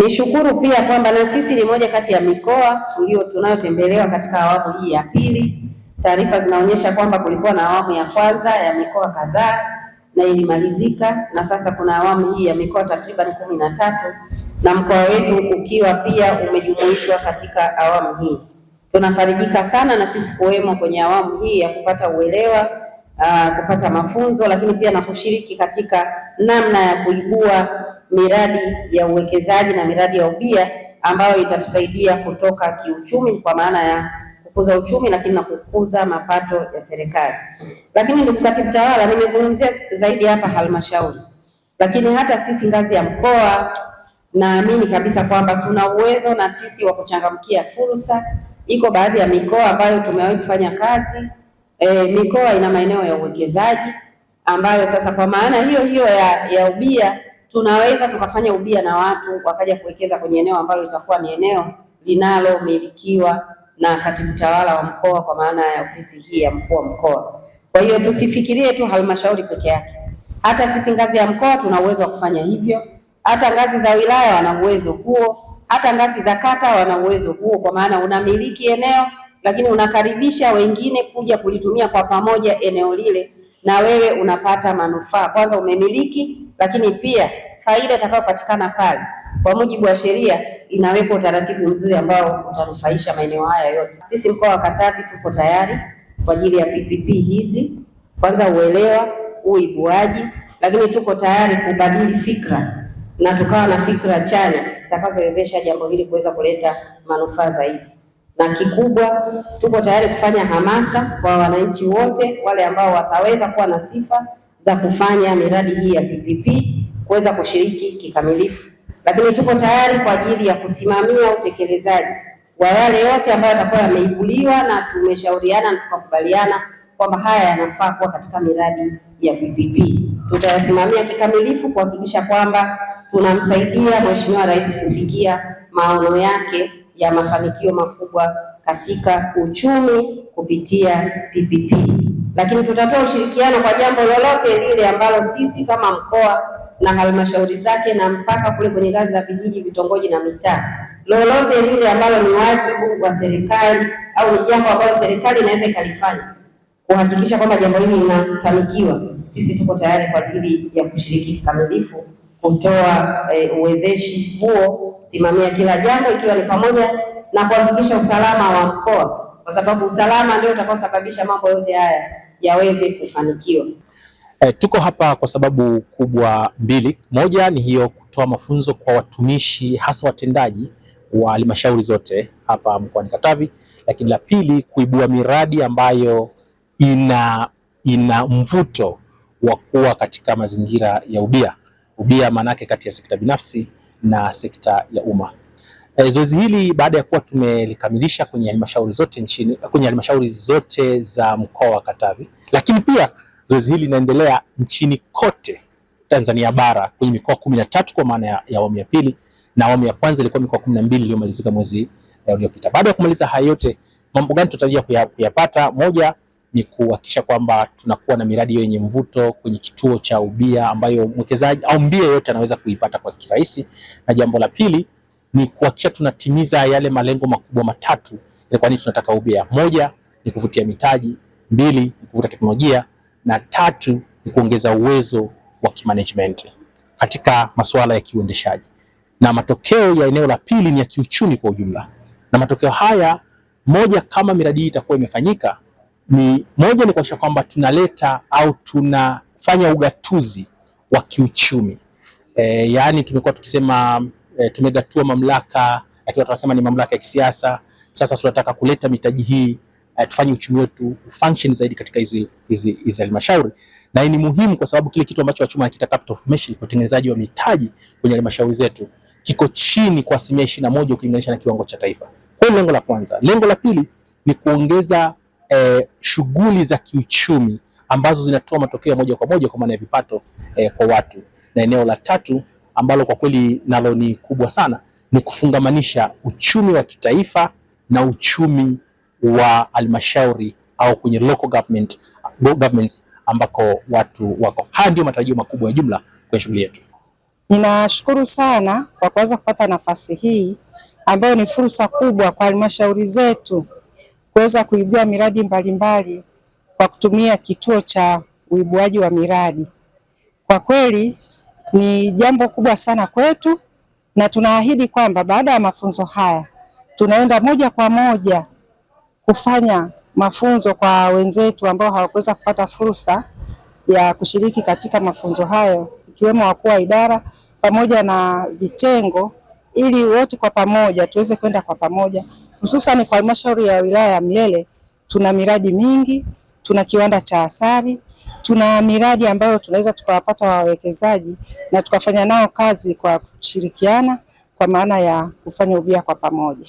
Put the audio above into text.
Nishukuru pia kwamba na sisi ni moja kati ya mikoa tulio tunayotembelewa katika awamu hii ya pili. Taarifa zinaonyesha kwamba kulikuwa na awamu ya kwanza ya mikoa kadhaa na ilimalizika, na sasa kuna awamu hii ya mikoa takriban kumi na tatu na mkoa wetu ukiwa pia umejumuishwa katika awamu hii. Tunafarijika sana na sisi kuwemo kwenye awamu hii ya kupata uelewa kupata mafunzo, lakini pia na kushiriki katika namna ya kuibua miradi ya uwekezaji na miradi ya ubia ambayo itatusaidia kutoka kiuchumi kwa maana ya kukuza uchumi, lakini na kukuza mapato ya serikali. Lakini ndugu katibu tawala, nimezungumzia zaidi hapa halmashauri, lakini hata sisi ngazi ya mkoa naamini kabisa kwamba tuna uwezo na sisi wa kuchangamkia fursa. Iko baadhi ya mikoa ambayo tumewahi kufanya kazi e, mikoa ina maeneo ya uwekezaji ambayo sasa kwa maana hiyo hiyo ya, ya ubia tunaweza tukafanya ubia na watu wakaja kuwekeza kwenye eneo ambalo litakuwa ni eneo linalomilikiwa na katibu tawala wa mkoa, kwa maana ya ofisi hii ya mkuu wa mkoa. Kwa hiyo tusifikirie tu halmashauri peke yake, hata sisi ngazi ya mkoa tuna uwezo wa kufanya hivyo, hata ngazi za wilaya wana uwezo huo, hata ngazi za kata wana uwezo huo, kwa maana unamiliki eneo lakini unakaribisha wengine kuja kulitumia kwa pamoja eneo lile, na wewe unapata manufaa. Kwanza umemiliki, lakini pia faida itakayopatikana pale, kwa mujibu wa sheria, inawekwa utaratibu mzuri ambao utanufaisha maeneo haya yote. Sisi mkoa wa Katavi tuko tayari kwa ajili ya PPP hizi, kwanza uelewa, uibuaji, lakini tuko tayari kubadili fikra na tukawa na fikra chanya zitakazowezesha jambo hili kuweza kuleta manufaa zaidi na kikubwa tuko tayari kufanya hamasa kwa wananchi wote wale ambao wataweza kuwa na sifa za kufanya miradi hii ya PPP kuweza kushiriki kikamilifu, lakini tuko tayari kwa ajili ya kusimamia utekelezaji wa yale yote ambayo yatakuwa yameibuliwa na tumeshauriana na tukakubaliana kwamba haya yanafaa kuwa katika miradi ya PPP. Tutayasimamia kikamilifu kuhakikisha kwamba tunamsaidia Mheshimiwa Rais kufikia maono yake ya mafanikio makubwa katika uchumi kupitia PPP. Lakini tutatoa ushirikiano kwa jambo lolote lile ambalo sisi kama mkoa na halmashauri zake na mpaka kule kwenye ngazi za vijiji, vitongoji na mitaa. Lolote lile ambalo ni wajibu wa serikali au ni jambo ambalo serikali inaweza ikalifanya kuhakikisha kwamba jambo hili linafanikiwa, sisi tuko tayari kwa ajili ya kushiriki kikamilifu kutoa e, uwezeshi huo, kusimamia kila jambo, ikiwa ni pamoja na kuhakikisha usalama wa mkoa, kwa sababu usalama ndio utakaosababisha mambo yote haya yaweze kufanikiwa. E, tuko hapa kwa sababu kubwa mbili. Moja ni hiyo kutoa mafunzo kwa watumishi hasa watendaji wa halmashauri zote hapa mkoani Katavi, lakini la pili kuibua miradi ambayo ina ina mvuto wa kuwa katika mazingira ya ubia ubia, maanake kati ya sekta binafsi na sekta ya umma. E, zoezi hili baada ya kuwa tumelikamilisha kwenye halmashauri zote nchini, kwenye halmashauri zote za mkoa wa Katavi, lakini pia Zoezi hili linaendelea nchini kote Tanzania bara kwenye mikoa kumi na tatu kwa maana ya awamu ya pili, na awamu ya kwanza ilikuwa mikoa kumi na mbili iliyomalizika mwezi eh, uliopita. Baada ya kumaliza haya yote, mambo gani tunatarajia kuyapata? Moja ni kuhakikisha kwamba tunakuwa na miradi yenye mvuto kwenye kituo cha ubia ambayo mwekezaji au mbia yote anaweza kuipata kwa kirahisi, na jambo la pili ni kuhakikisha tunatimiza yale malengo makubwa matatu. Kwani tunataka ubia, moja ni kuvutia mitaji, mbili ni kuvuta teknolojia na tatu ni kuongeza uwezo wa kimanagement katika masuala ya kiuendeshaji, na matokeo ya eneo la pili ni ya kiuchumi kwa ujumla. Na matokeo haya moja, kama miradi hii itakuwa imefanyika ni moja, ni kuhakikisha kwamba tunaleta au tunafanya ugatuzi wa kiuchumi e, yaani tumekuwa tukisema e, tumegatua mamlaka, lakini watu wanasema ni mamlaka ya kisiasa. Sasa tunataka kuleta mitaji hii uh, tufanye uchumi wetu function zaidi katika hizi hizi hizi halmashauri, na ni muhimu kwa sababu kile kitu ambacho wachumi wanakiita capital formation kwa utengenezaji wa mitaji kwenye halmashauri zetu kiko chini kwa asilimia ishirini na moja ukilinganisha na kiwango cha taifa. Kwa hiyo lengo la kwanza. Lengo la pili ni kuongeza eh, shughuli za kiuchumi ambazo zinatoa matokeo moja kwa moja kwa maana ya vipato eh, kwa watu, na eneo la tatu ambalo kwa kweli nalo ni kubwa sana ni kufungamanisha uchumi wa kitaifa na uchumi wa halmashauri au kwenye local government, governments ambako watu wako. Haya ndio matarajio makubwa ya jumla kwa shughuli yetu. Ninashukuru sana kwa kuweza kupata nafasi hii ambayo ni fursa kubwa kwa halmashauri zetu kuweza kuibua miradi mbalimbali mbali kwa kutumia kituo cha uibuaji wa miradi. Kwa kweli ni jambo kubwa sana kwetu na tunaahidi kwamba baada ya mafunzo haya tunaenda moja kwa moja kufanya mafunzo kwa wenzetu ambao hawakuweza kupata fursa ya kushiriki katika mafunzo hayo, ikiwemo wakuu wa idara pamoja na vitengo, ili wote kwa pamoja tuweze kwenda kwa pamoja, hususan kwa halmashauri ya wilaya ya Mlele tuna miradi mingi, tuna kiwanda cha asali, tuna miradi ambayo tunaweza tukawapata wawekezaji na tukafanya nao kazi kwa kushirikiana, kwa maana ya kufanya ubia kwa pamoja.